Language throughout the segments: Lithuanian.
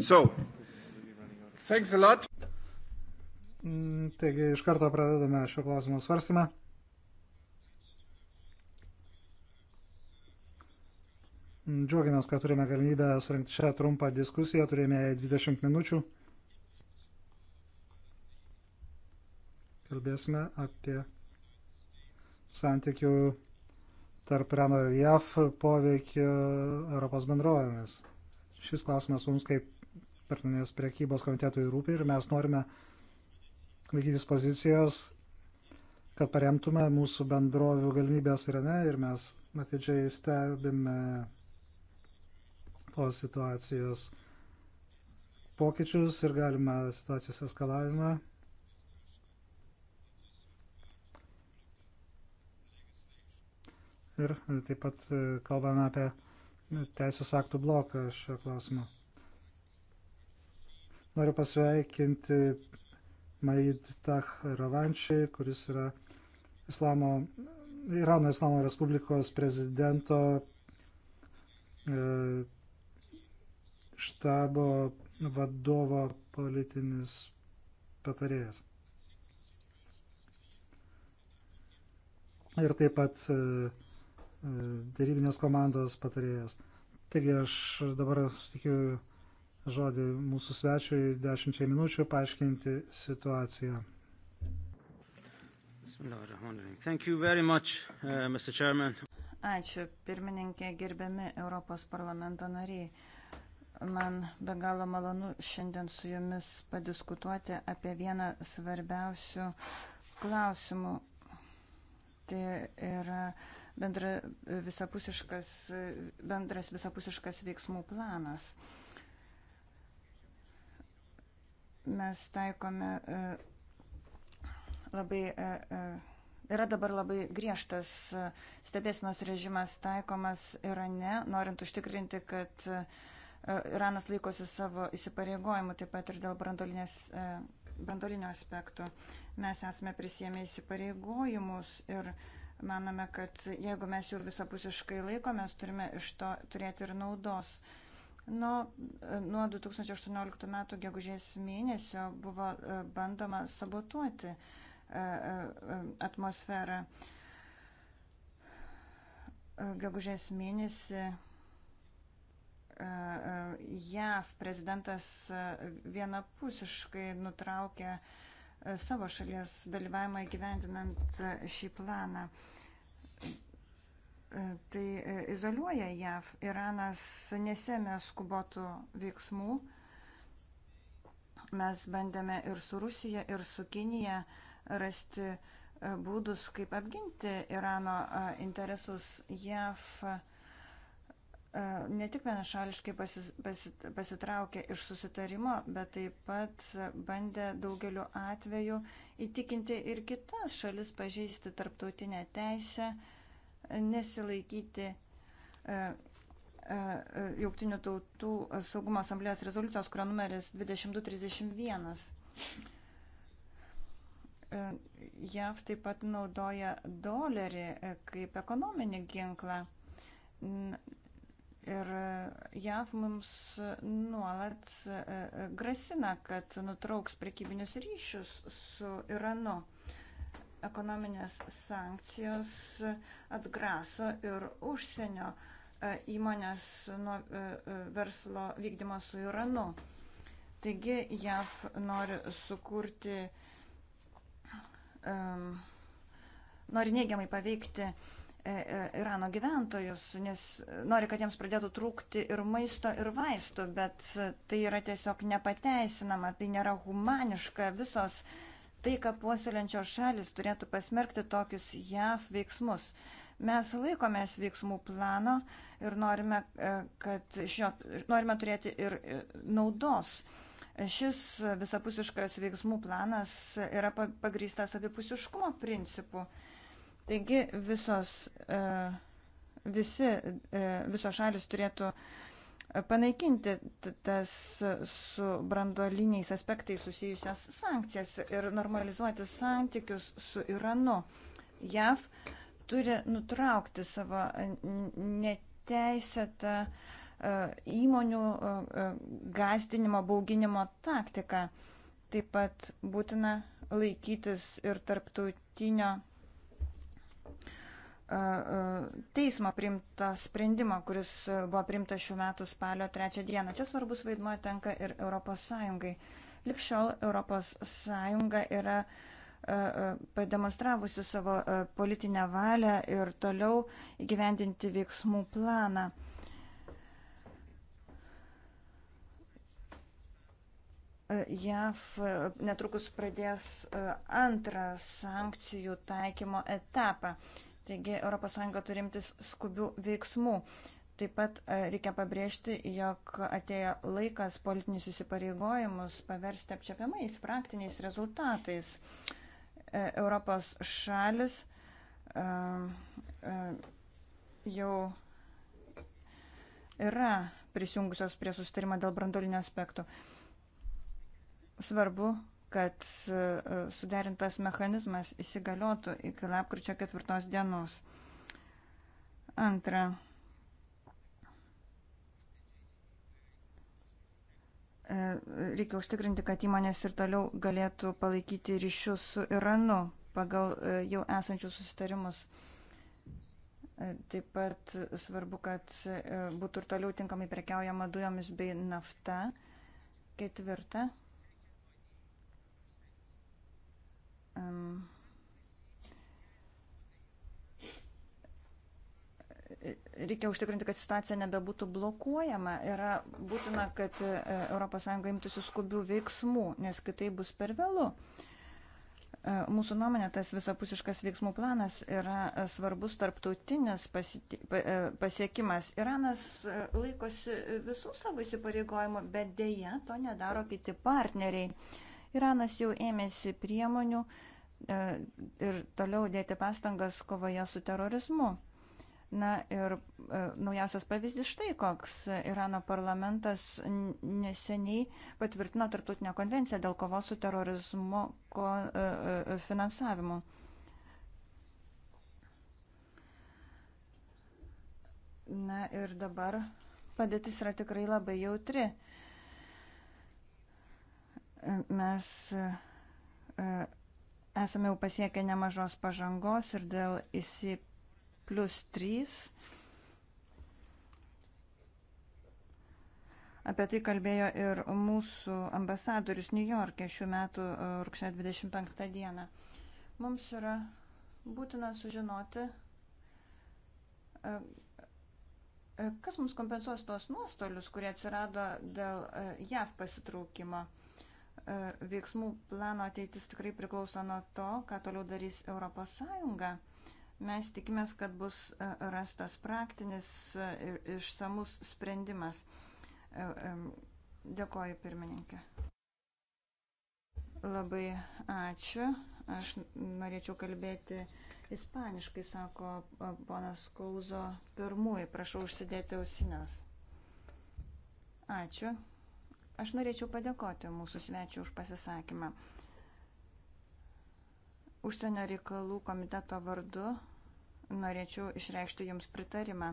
So, thanks a lot. Mm, taigi iš karto pradedame šio klausimo svarstymą. Mm, džiaugiamės, kad turime galimybę surinkti šią trumpą diskusiją, turėjome 20 minučių. Kalbėsime apie santykių tarp Reno ir JAF poveikį Europos bendrovėmis. Šis klausimas mums kaip tarptautinės priekybos komitetui rūpi ir mes norime laikytis pozicijos, kad paremtume mūsų bendrovių galimybės ir ne, ir mes atidžiai stebime tos situacijos pokyčius ir galima situacijos eskalavimą. Ir taip pat e, kalbame apie teisės aktų bloką šio klausimo. Noriu pasveikinti Maid Tah Ravančiai, kuris yra Islamo, Irano Islamo Respublikos prezidento e, štabo vadovo politinis patarėjas. Ir taip pat e, e, dėrybinės komandos patarėjas. Taigi aš dabar sutikiu žodį mūsų svečiui dešimčiai minučių paaiškinti situaciją. Uh, Ačiū, pirmininkė, gerbiami Europos parlamento nariai. Man be galo malonu šiandien su jumis padiskutuoti apie vieną svarbiausių klausimų. Tai yra bendra, visapusiškas, bendras visapusiškas veiksmų planas. Uh, Mes taikome e, labai, e, e, yra dabar labai griežtas stebėsinos režimas taikomas Irane, norint užtikrinti, kad Iranas laikosi savo įsipareigojimų, taip pat ir dėl brandolinės brandolinio aspektų. Mes esame prisėmę įsipareigojimus ir manome, kad jeigu mes jų visapusiškai laikomės, turime iš to turėti ir naudos. Uh, Nu, nuo, nuo 2018 metų gegužės mėnesio buvo e, bandoma sabotuoti e, e, atmosferą. Gegužės mėnesį JAV prezidentas vienapusiškai nutraukė savo šalies dalyvavimą įgyvendinant šį planą. Uh, E, tai e, izoliuoja JAV. Iranas nesėmė skubotų veiksmų. Mes bandėme ir su Rusija, ir su Kinija rasti e, būdus, kaip apginti Irano interesus JAV. Ne tik vienašališkai pasis, pasit, pasitraukė iš susitarimo, bet taip pat bandė daugeliu atveju įtikinti ir kitas šalis pažeisti tarptautinę teisę, uh, nesilaikyti e, e, e, Jauktinių tautų saugumo asamblėjos rezoliucijos, kurio numeris 2231. JAV taip pat naudoja dolerį kaip ekonominį ginklą. Ir JAV mums nuolat grasina, kad nutrauks prekybinius ryšius su Iranu ekonominės sankcijos atgraso ir užsienio e, įmonės nuo e, e, verslo vykdymo su Iranu. Taigi JAV nori sukurti, um, nori neigiamai paveikti Irano gyventojus, nes nori, kad jiems pradėtų trūkti ir maisto, ir vaistų, bet tai yra tiesiog nepateisinama, tai nėra humaniška. Visos uh, tai, ką puoselinčios šalis turėtų pasmerkti tokius JAV veiksmus. Mes laikomės veiksmų plano ir norime, e, kad iš jo norime turėti ir e, naudos. Šis visapusiškas veiksmų planas yra pagrįstas abipusiškumo principu. Taigi visos, e, visi, visos šalis turėtų uh, panaikinti tas su brandoliniais aspektais susijusias sankcijas ir normalizuoti santykius su Iranu. JAV turi nutraukti savo e, neteisėtą e, įmonių e, gazdinimo, bauginimo taktiką. Taip pat būtina laikytis ir tarptautinio teismo priimtą sprendimą, kuris buvo priimtas šių metų spalio trečią dieną. Čia svarbus vaidmuo tenka ir ES. Likščiol ES yra pademonstravusi savo politinę valią ir toliau įgyvendinti veiksmų planą. JAV netrukus pradės antrą sankcijų taikymo etapą. Taigi ES turi imtis skubių veiksmų. Taip pat e, reikia pabrėžti, jog atėjo laikas politinius įsipareigojimus paversti apčiapiamais praktiniais rezultatais. E, Europos šalis e, jau yra prisijungusios prie sustarimo dėl brandolinio aspektų. Svarbu kad e, suderintas mechanizmas įsigaliotų iki lapkričio ketvirtos dienos. Antra. E, reikia užtikrinti, kad įmonės ir toliau galėtų palaikyti ryšius su Iranu pagal e, jau esančius susitarimus. Taip pat svarbu, kad būtų ir toliau tinkamai prekiaujama dujomis bei nafta. Ketvirta. um, reikia užtikrinti, kad situacija nebebūtų blokuojama. Yra būtina, kad ES imtųsi skubių veiksmų, nes kitai bus per vėlų. E, mūsų nuomonė, tas visapusiškas veiksmų planas yra e, svarbus tarptautinis e, pasiekimas. Iranas laikosi visų savo įsipareigojimų, bet dėja to nedaro kiti partneriai. Iranas jau ėmėsi priemonių e, ir toliau dėti pastangas kovoje su terorizmu. Na ir e, naujausias pavyzdys štai koks. Irano parlamentas neseniai patvirtino tarptautinę konvenciją dėl kovos su terorizmu ko, e, finansavimu. Na ir dabar padėtis yra tikrai labai jautri. Mes e, e, esame jau pasiekę nemažos pažangos ir dėl įsi plus 3. Apie tai kalbėjo ir mūsų ambasadorius New York'e šių metų e, rugsėjo 25 dieną. Mums yra būtina sužinoti, kas mums kompensuos tuos nuostolius, kurie atsirado dėl JAV pasitraukimo. E, veiksmų plano ateitis tikrai priklauso nuo to, ką toliau darys ES. Mes tikimės, kad bus e, rastas praktinis e, ir išsamus sprendimas. Dėkoju, pirmininkė. Labai ačiū. Aš norėčiau kalbėti ispaniškai, sako ponas Kauzo pirmųjų. Prašau užsidėti ausinės. Ačiū. Aš norėčiau padėkoti mūsų svečiu už pasisakymą. Užsienio reikalų komiteto vardu norėčiau išreikšti Jums pritarimą.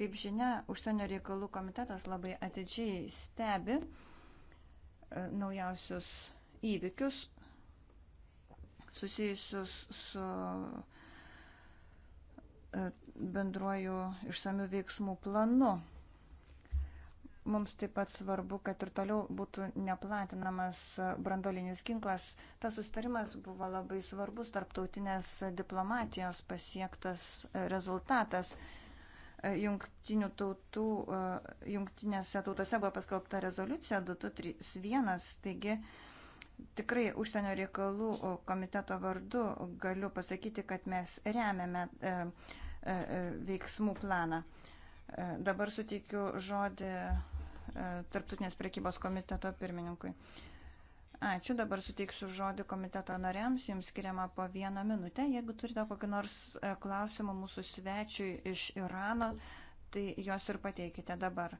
Kaip žinia, užsienio reikalų komitetas labai atidžiai stebi e, naujausius įvykius susijusius su e, bendruoju išsamių veiksmų planu Mums taip pat svarbu, kad ir toliau būtų neplatinamas brandolinis ginklas. Tas sustarimas buvo labai svarbus tarptautinės diplomatijos pasiektas e, rezultatas. E, jungtinių tautų, e, jungtinėse tautose buvo paskelbta rezoliucija 2231, taigi tikrai užsienio reikalų komiteto vardu galiu pasakyti, kad mes remiame veiksmų planą. Dabar suteikiu žodį E, Tarptautinės prekybos komiteto pirmininkui. Ačiū, dabar suteiksiu žodį komiteto nariams, jums skiriama po vieną minutę. Jeigu turite kokį nors e, klausimą mūsų svečiui iš Irano, tai juos ir pateikite dabar.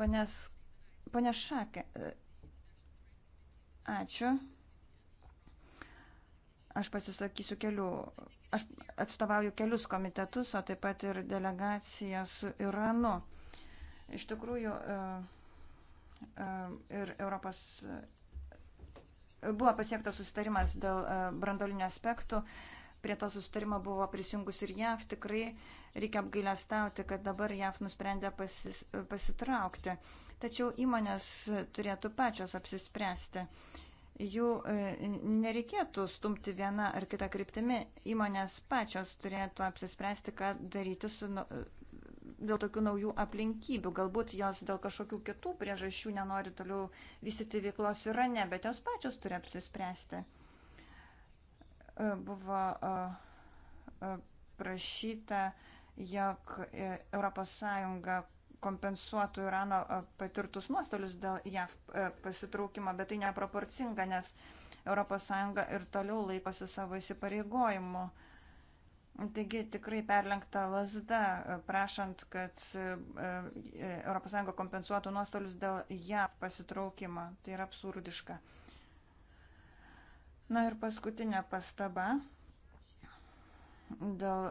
Ponės, ponė Šakė, e, ačiū. Aš pasisakysiu kelių Aš atstovauju kelius komitetus, o taip pat ir delegaciją su Iranu. Iš tikrųjų, e, e, ir Europos buvo pasiektas susitarimas dėl e, brandolinių aspektų. Prie to susitarimo buvo prisijungus ir JAV. Tikrai reikia apgailestauti, kad dabar JAV nusprendė pasis, pasitraukti. Tačiau įmonės turėtų pačios apsispręsti jų e, nereikėtų stumti vieną ar kitą kryptimį. Įmonės pačios turėtų apsispręsti, ką daryti su, nu, e, dėl tokių naujų aplinkybių. Galbūt jos dėl kažkokių kitų priežasčių nenori toliau vystyti veiklos yra ne, bet jos pačios turi apsispręsti. E, buvo prašyta, jog ES kompensuotų Irano patirtus nuostolius dėl JAV pasitraukimo, bet tai neproporcinga, nes ES ir toliau laikosi savo įsipareigojimų. Taigi tikrai perlenkta lasda, prašant, kad ES kompensuotų nuostolius dėl JAV pasitraukimo. Tai yra absurdiška. Na ir paskutinė pastaba dėl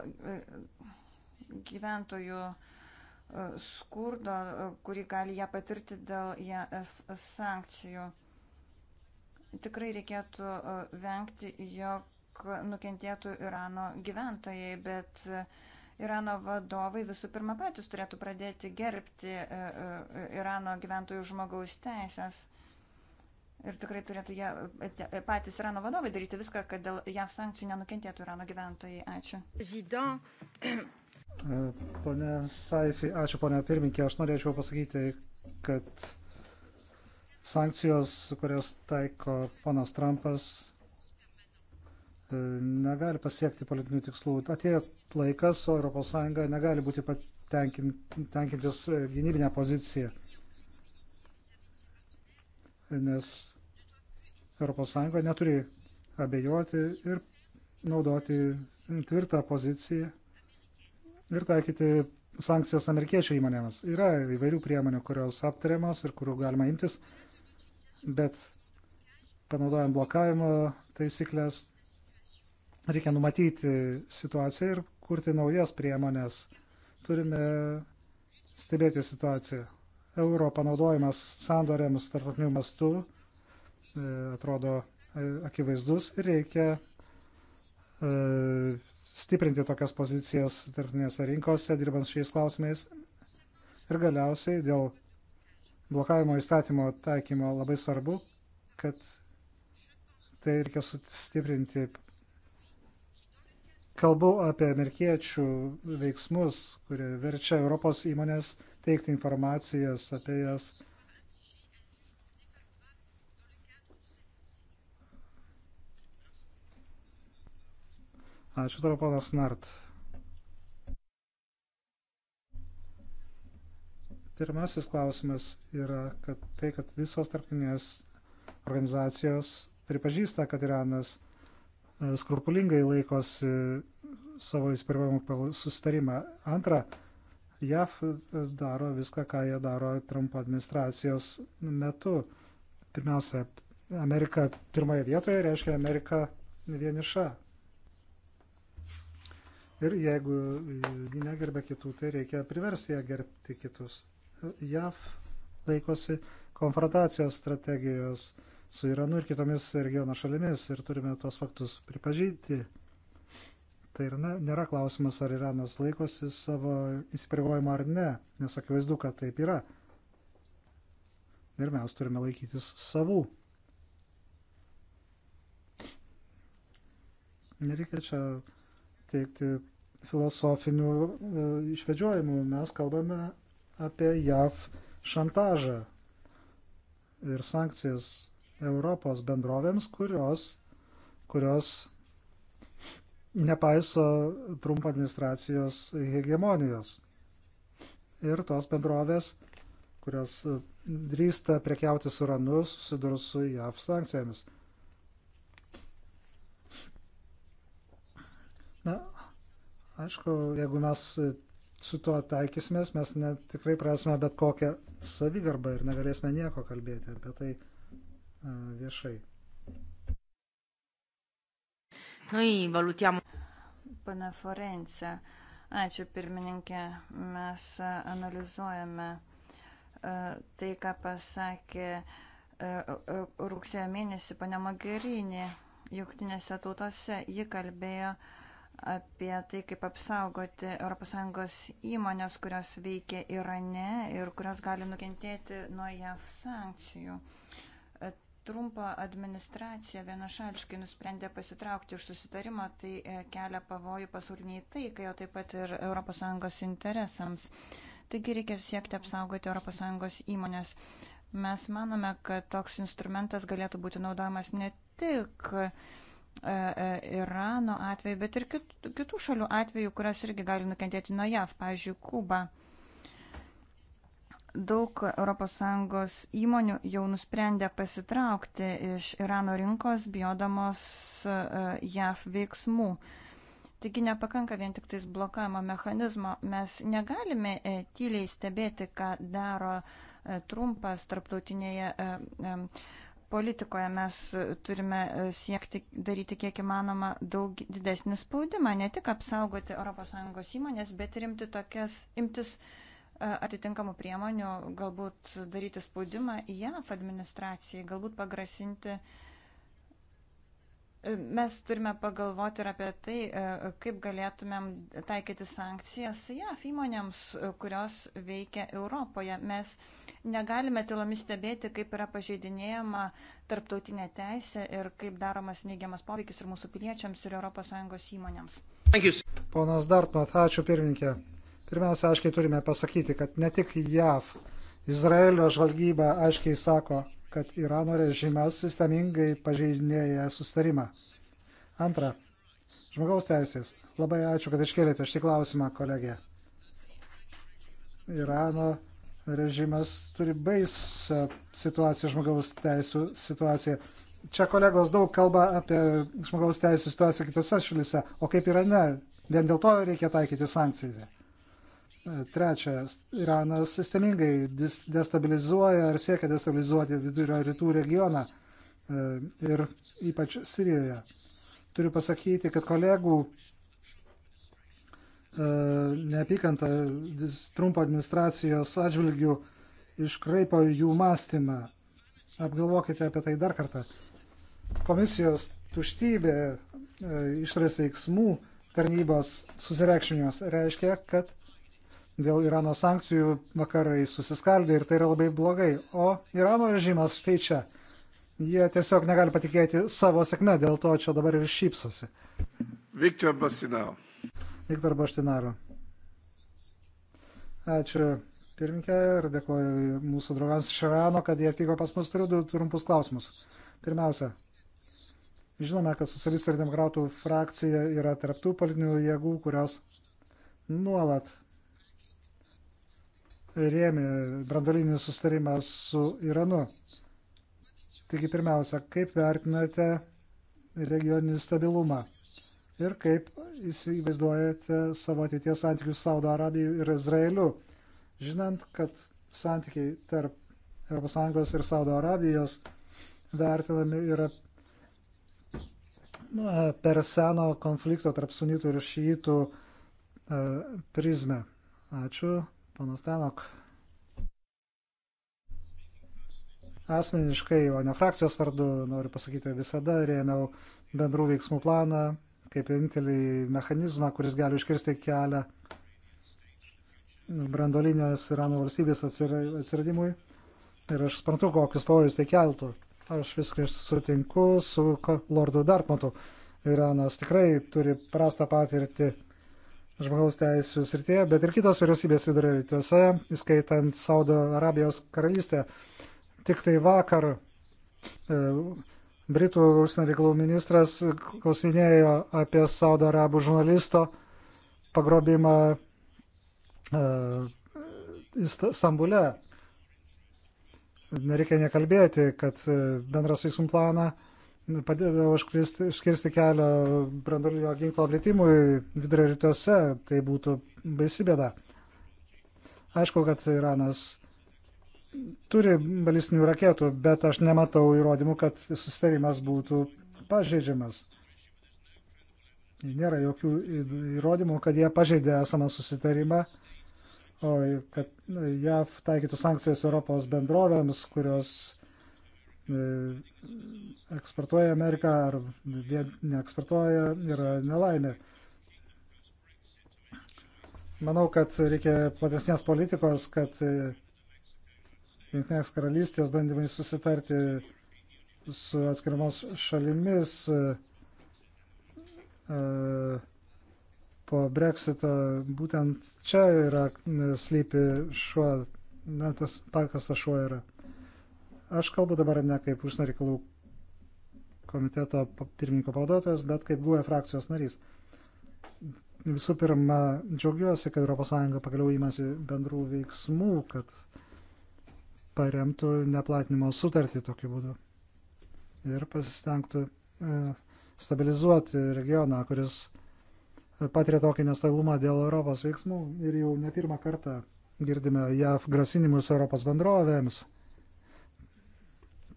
gyventojų uh, skurdo, kurį gali ją patirti dėl JAF e sankcijų. Tikrai reikėtų e, vengti, jog nukentėtų Irano gyventojai, bet e, Irano vadovai visų pirma patys turėtų pradėti gerbti Irano gyventojų žmogaus teisės. Ir tikrai turėtų jie, patys Irano vadovai daryti viską, kad dėl JAV sankcijų nenukentėtų Irano gyventojai. Ačiū. Zidon. Pone Saifi, ačiū pone pirminkė, aš norėčiau pasakyti, kad sankcijos, kurias taiko ponas Trumpas, e, negali pasiekti politinių tikslų. Atėjo laikas, o ES negali būti patenkintis gynybinę poziciją, nes ES neturi abejoti ir naudoti tvirtą poziciją ir taikyti sankcijas amerikiečių įmonėms. Yra įvairių priemonių, kurios aptariamos ir kurių galima imtis, bet panaudojant blokavimo taisyklės reikia numatyti situaciją ir kurti naujas priemonės. Turime stebėti situaciją. Euro panaudojimas sandoriams tarptautiniu mastu e, atrodo e, akivaizdus ir reikia e, stiprinti tokias pozicijas tarptautinėse rinkose, dirbant šiais klausimais. Ir galiausiai dėl blokavimo įstatymo taikymo labai svarbu, kad tai reikia sustiprinti. Kalbu apie amerikiečių veiksmus, kurie verčia Europos įmonės teikti informacijas apie jas Ačiū tau, ponas Nart. Pirmasis klausimas yra kad tai, kad visos tarptautinės organizacijos pripažįsta, kad Iranas e, skrupulingai laikosi savo įsipareigojimų susitarimą. Antra, JAF daro viską, ką jie daro Trumpo administracijos metu. Pirmiausia, Amerika pirmoje vietoje reiškia Amerika vieniša. Ir jeigu ji negerbė kitų, tai reikia priversti ją gerbti kitus. JAV laikosi konfrontacijos strategijos su Iranu ir kitomis regiono šalimis ir turime tuos faktus pripažinti. Tai ir nėra klausimas, ar Iranas laikosi savo įsipareigojimo ar ne, nes akivaizdu, kad taip yra. Ir mes turime laikytis savų. Nereikia čia teikti filosofinių e, išvedžiojimų. Mes kalbame apie JAV šantažą ir sankcijas Europos bendrovėms, kurios, kurios nepaiso Trump administracijos hegemonijos. Ir tos bendrovės, kurios e, drįsta prekiauti su Iranu, susidurs su JAV sankcijomis. Aišku, jeigu mes su tuo taikysimės, mes net tikrai prasme bet kokią savigarbą ir negalėsime nieko kalbėti apie tai viešai. Noi valutiamo. Pana Forence, ačiū pirmininkė, mes analizuojame tai, ką pasakė rugsėjo mėnesį pana Magerinė jungtinėse tautose. Ji kalbėjo apie tai, kaip apsaugoti ES įmonės, kurios veikia Irane ir kurios gali nukentėti nuo JAV sankcijų. Trumpo administracija vienašališkai nusprendė pasitraukti iš susitarimo, tai e, kelia pavojų pasauliniai taikai, o taip pat ir ES interesams. Taigi reikia siekti apsaugoti ES įmonės. Mes manome, kad toks instrumentas galėtų būti naudojamas ne tik uh, E, e, Irano atveju, bet ir kitų šalių atveju, kurios irgi gali nukentėti nuo JAV, pavyzdžiui, Kuba. Daug ES įmonių jau nusprendė pasitraukti iš Irano rinkos, bijodamos e, JAV veiksmų. Taigi nepakanka vien tik tais blokavimo mechanizmo. Mes negalime tyliai stebėti, ką daro Trumpas tarptautinėje politikoje mes e, turime e, siekti daryti kiek įmanoma daug didesnį spaudimą, ne tik apsaugoti ES įmonės, bet ir imti tokias, imtis e, atitinkamų priemonių, galbūt daryti spaudimą JAF administracijai, galbūt pagrasinti uh, Mes turime pagalvoti ir apie tai, e, kaip galėtumėm taikyti sankcijas JAF įmonėms, e, kurios veikia Europoje. Mes negalime tylomis stebėti, kaip yra pažeidinėjama tarptautinė teisė ir kaip daromas neigiamas poveikis ir mūsų piliečiams, ir ES įmonėms. Ponas Dartmat, ačiū pirmininkė. Pirmiausia, aiškiai turime pasakyti, kad ne tik JAF, Izraelio žvalgyba aiškiai sako, kad Irano režimas sistemingai pažeidinėja sustarimą. Antra, žmogaus teisės. Labai ačiū, kad iškėlėte šį klausimą, kolegė. Irano režimas turi baisą situaciją, žmogaus teisų situaciją. Čia kolegos daug kalba apie žmogaus teisų situaciją kitose šalyse, o kaip yra ne, vien dėl to reikia taikyti sankcijas. Trečia, Iranas sistemingai destabilizuoja ar siekia destabilizuoti vidurio rytų regioną e, ir ypač Sirijoje. Turiu pasakyti, kad kolegų e, neapykanta Trumpo administracijos atžvilgių iškraipo jų mąstymą. Apgalvokite apie tai dar kartą. Komisijos tuštybė e, išorės veiksmų tarnybos susireikšminimas reiškia, kad dėl Irano sankcijų vakarai susiskaldė ir tai yra labai blogai. O Irano režimas štai čia. Jie tiesiog negali patikėti savo sėkme, dėl to čia dabar ir šypsosi. Viktor Bastinaro. Viktor Bastinaro. Ačiū pirmininkė ir dėkoju mūsų draugams iš Irano, kad jie atvyko pas mus. Turiu du trumpus klausimus. Pirmiausia, žinome, kad socialistų ir demokratų frakcija yra tarptų politinių jėgų, kurios nuolat rėmė brandolinį sustarimą su Iranu. Taigi pirmiausia, kaip vertinate regioninį stabilumą ir kaip įsivaizduojate savo ateities santykius su Saudo Arabiju ir Izraeliu, žinant, kad santykiai tarp ES ir Saudo Arabijos vertinami yra per seno konflikto tarp sunytų ir šytų e, prizmę. Ačiū. Panas Tenok. Asmeniškai, o ne frakcijos vardu, noriu pasakyti, visada rėmiau bendrų veiksmų planą kaip vienintelį mechanizmą, kuris gali užkirsti kelią brandolinės Irano valstybės atsiradimui. Ir aš suprantu, kokius pavojus tai keltų. Aš viską sutinku su Lordu Dartmatu. Iranas tikrai turi prastą patirtį žmogaus teisų srityje, bet ir kitos vyriausybės vidurio rytuose, įskaitant Saudo Arabijos karalystę. Tik tai vakar e, Britų užsienio reikalų ministras klausinėjo apie Saudo Arabų žurnalisto pagrobimą e, Stambule. Nereikia nekalbėti, kad e, bendras veiksmų planas padėdavo iškirsti kelią branduolinio ginklo plitimui vidurio rytuose, tai būtų baisi bėda. Aišku, kad Iranas turi balistinių raketų, bet aš nematau įrodymų, kad susitarimas būtų pažeidžiamas. Nėra jokių įrodymų, kad jie pažeidė esamą susitarimą, o kad JAV taikytų sankcijas Europos bendrovėms, kurios E, eksportuoja Ameriką ar neeksportuoja, yra nelaimė. Manau, kad reikia platesnės politikos, kad e, Junktinės karalystės bandymai susitarti su atskiriamos šalimis e, po Brexito, būtent čia yra slypi šuo, na, tas pakastas šuo yra. Aš kalbu dabar ne kaip užsienio reikalų komiteto pirmininko pavaduotojas, bet kaip GUE frakcijos narys. Visų pirma, džiaugiuosi, kad ES pagaliau įmasi bendrų veiksmų, kad paremtų neplatinimo sutartį tokiu būdu ir pasistengtų e, stabilizuoti regioną, kuris e, patiria tokį nestabilumą dėl Europos veiksmų ir jau ne pirmą kartą girdime JAV grasinimus Europos bendrovėms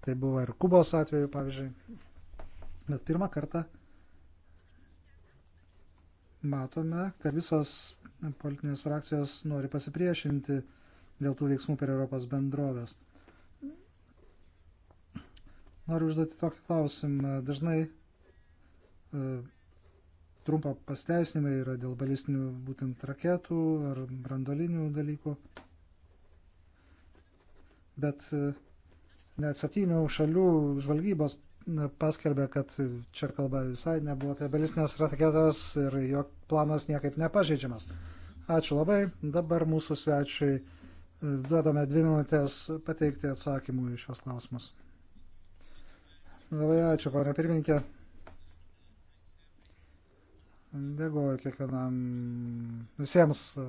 Tai buvo ir Kubos atveju, pavyzdžiui. Bet pirmą kartą matome, kad visos politinės frakcijos nori pasipriešinti dėl tų veiksmų per Europos bendrovės. Noriu užduoti tokį klausimą. Dažnai e, trumpa pasteisinimai yra dėl balistinių būtent raketų ar brandolinių dalykų. Bet e, Net septynių šalių žvalgybos paskelbė, kad čia kalba visai nebuvo apie balistinės raketas ir jo planas niekaip nepažeidžiamas. Ačiū labai. Dabar mūsų svečiui e, duodame dvi minutės pateikti atsakymų į šios klausimus. Labai ačiū, ponia pirmininkė. Dėkuoju kiekvienam visiems e,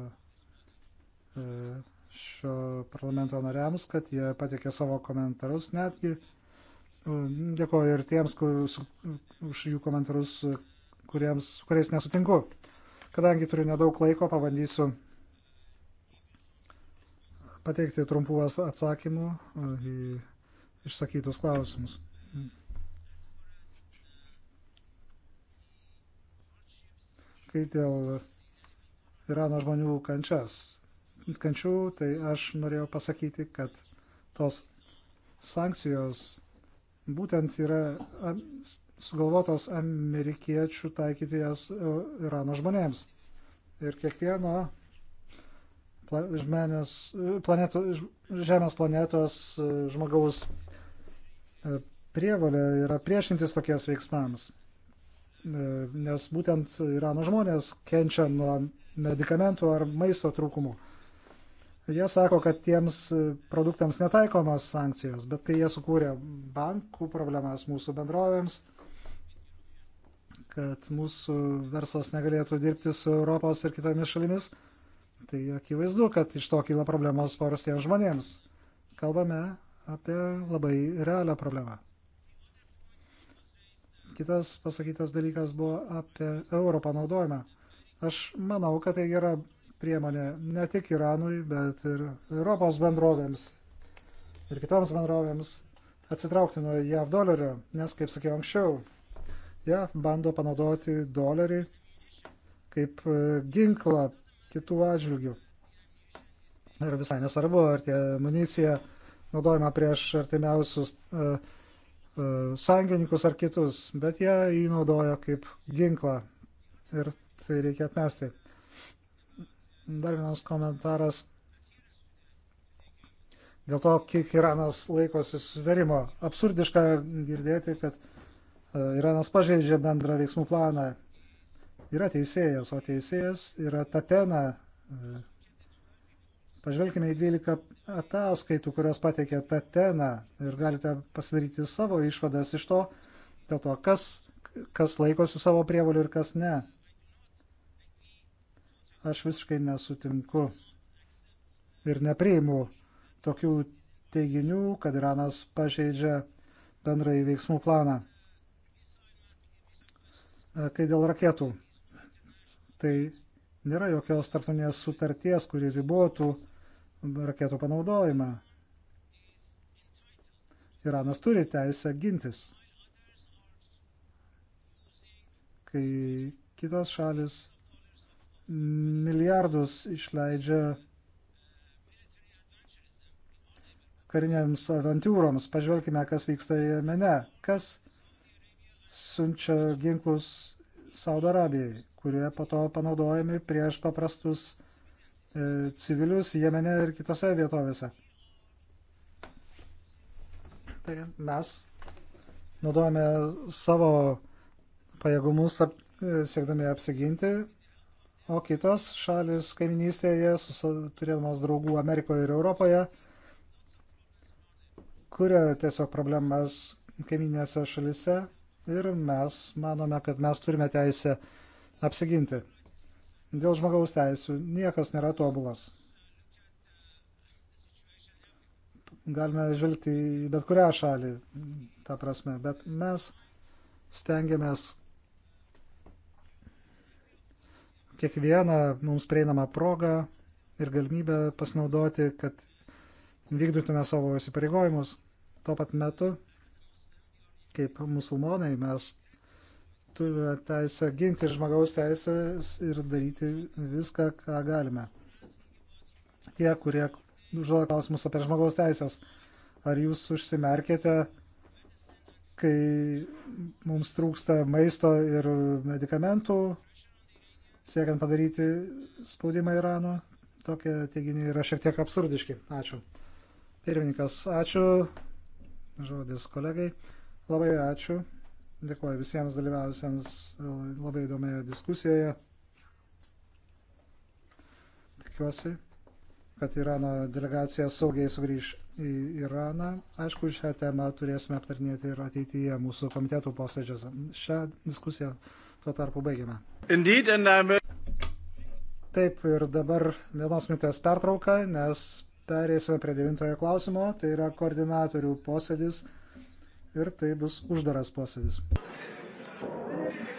šio parlamento nariams, kad jie patikė savo komentarus. Netgi e, dėkoju ir tiems, kur, su, už jų komentarus, kuriems, kuriais nesutinku. Kadangi turiu nedaug laiko, pabandysiu pateikti trumpų atsakymų e, į išsakytus klausimus. Kai dėl Irano žmonių kančias kančių, tai aš norėjau pasakyti, kad tos sankcijos būtent yra sugalvotos amerikiečių taikyti jas e, Irano žmonėms. Ir kiekvieno žmenės, e, planeto, Žemės planetos e, žmogaus prievalė yra priešintis tokies veiksmams. Nes būtent Irano žmonės kenčia nuo medikamentų ar maisto trūkumų. Jie sako, kad tiems e, produktams netaikomos sankcijos, bet kai jie sukūrė bankų problemas mūsų bendrovėms, kad mūsų verslas negalėtų dirbti su Europos ir kitomis šalimis, tai akivaizdu, kad iš to kyla problemos paprastiems žmonėms. Kalbame apie labai realią problemą. Kitas pasakytas dalykas buvo apie euro panaudojimą. Aš manau, kad tai yra priemonė ne tik Iranui, bet ir Europos bendrovėms ir kitoms bendrovėms atsitraukti nuo JAV dolerio, nes, kaip sakiau anksčiau, JAV bando panaudoti dolerį kaip e, ginklą kitų atžvilgių. Ir visai nesvarbu, ar tie municija naudojama prieš artimiausius uh, uh, sąjungininkus ar kitus, bet jie jį naudoja kaip ginklą ir tai reikia atmesti. Dar vienas komentaras dėl to, kiek Iranas laikosi susidarimo. Absurdiška girdėti, kad e, Iranas pažeidžia bendrą veiksmų planą. Yra teisėjas, o teisėjas yra Tatena. E, pažvelkime į 12 ataskaitų, kurias pateikė Tatena ir galite pasidaryti savo išvadas iš to, dėl to, kas, kas laikosi savo prievolių ir kas ne. Aš visiškai nesutinku ir nepriimu tokių teiginių, kad Iranas pažeidžia bendrąjį veiksmų planą. E, kai dėl raketų, tai nėra jokios tarptautinės sutarties, kuri ribotų raketų panaudojimą. Iranas turi teisę gintis. Kai kitos šalis milijardus išleidžia karinėms avantūroms. Pažvelkime, kas vyksta Jemene, kas siunčia ginklus Saudo Arabijai, kurie po to panaudojami prieš paprastus e, civilius Jemene ir kitose vietovėse. Tai mes naudojame savo pajėgumus ap, e, siekdami apsiginti o kitos šalis kaiminystėje, turėdamos draugų Amerikoje ir Europoje, kuria tiesiog problemas kaiminėse šalise ir mes manome, kad mes turime teisę apsiginti. Dėl žmogaus teisų niekas nėra tobulas. Galime žvelgti į bet kurią šalį, ta prasme, bet mes stengiamės kiekvieną mums prieinamą progą ir galimybę pasinaudoti, kad vykdytume savo įsipareigojimus. Tuo pat metu, kaip musulmonai, mes turime teisę ginti žmogaus teisės ir daryti viską, ką galime. Tie, kurie užduoda klausimus apie žmogaus teisės, ar jūs užsimerkėte, kai mums trūksta maisto ir medikamentų, siekiant padaryti spaudimą Irano. Tokie teiginiai yra šiek tiek absurdiški. Ačiū. Pirmininkas, ačiū. Žodis kolegai. Labai ačiū. Dėkuoju visiems dalyvavusiems labai įdomioje diskusijoje. Tikiuosi, kad Irano delegacija saugiai sugrįž į Iraną. Aišku, šią temą turėsime aptarnėti ir ateityje mūsų komitetų posėdžiuose. Šią diskusiją Tuo tarpu baigiame. Indeed, Taip, ir dabar vienos minutės pertrauka, nes perėsime prie devintojo klausimo, tai yra koordinatorių posėdis ir tai bus uždaras posėdis. Thank you.